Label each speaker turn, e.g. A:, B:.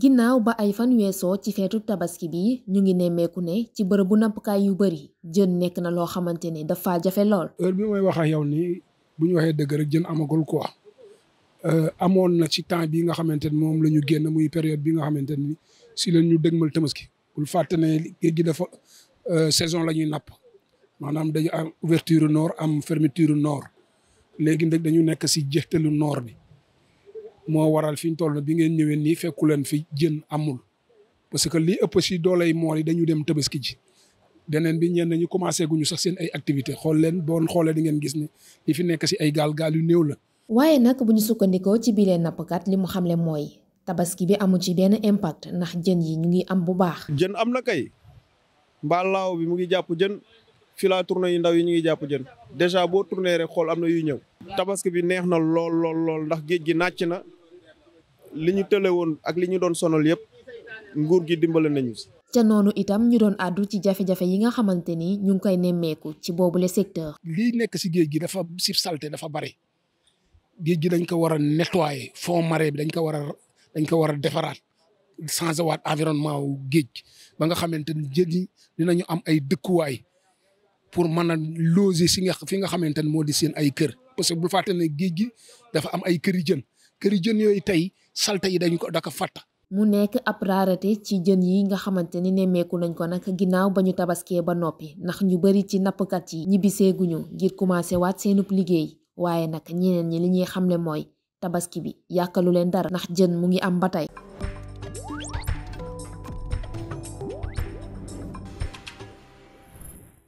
A: ginnaaw ba ay fan weesoo ci feetu tabaski bi ñu ngi nemmeeku ne ci bërëbu nappkaay yu bëri jën nekk na loo xamante ne dafa jafe lool. heure bi mooy
B: wax ak yow nii bu ñu waxee dëgg rek jën amagul quoi euh, amoon na ci temps bi nga xamante ni moom la ñu génn muy période bi nga xamante ni si la ñu dëgmal tabaski pour fàtte ne géej gi dafa euh, saison la ñuy napp maanaam dañu am ouverture noor am fermeture noor léegi nag dañu nekk si jeextalu noor bi. moo waral fi ñu toll bi ngeen ñëwee nii fekku leen fi jën amul parce que lii ëpp si dooley mool yi dañu dem tabaski ji deneen bi ñenn ñi commencé guñu sax seen ay activité xool leen boo xoolee di ngeen gis ni li fi nekk si ay gaal gaal yu néew la.
A: waaye nag bu ñu sukkandikoo ci bilee nappkat li mu xamle mooy tabaski bi amu ci benn impact ndax jën yi ñu ngi am bu baax.
C: jën am na kay mbalaaw bi mu ngi jàpp jën filaa tournée yu ndaw yi ñu ngi jàpp jën déjà boo tourné rek xool am na yuy ñëw. tabaski bi neex na lool lool lool ndax géej gi nàcc na. li ñu tële woon ak li ñu doon sonal yëpp nguur gi dimbale nañu si.
A: ca noonu itam ñu doon
B: àddu ci jafe-jafe yi nga xamante ni ñu ngi koy nemmeeku ci boobu boobule secteur. lii nekk si géej gi dafa si salte dafa bari géej gi dañ ko war a nettoyer fond marais bi dañ ko war a dañ ko war a defaraat changé waat environnement wu géej ba nga xamante ni géej gi dinañu am ay dëkkuwaay pour mën a loger si nga fi nga xamante ni moo di seen ay kër parce que bu fàtte géej gi dafa am ay kër jën. këri jën yooyu tey salte yi dañu ko da ko fàtta
A: mu nekk ab raarate ci jën yi nga xamante ni nemmeeku nañ ko nag ginnaaw ba ñu tabaskee ba noppi ndax ñu bari ci nappkat yi ñibbiseeguñu ngir commencé waat seenub liggéey waaye nag ñeneen ñi li ñuy xamle mooy tabaski bi yàkkalu leen dara ndax jën mu ngi am ba tey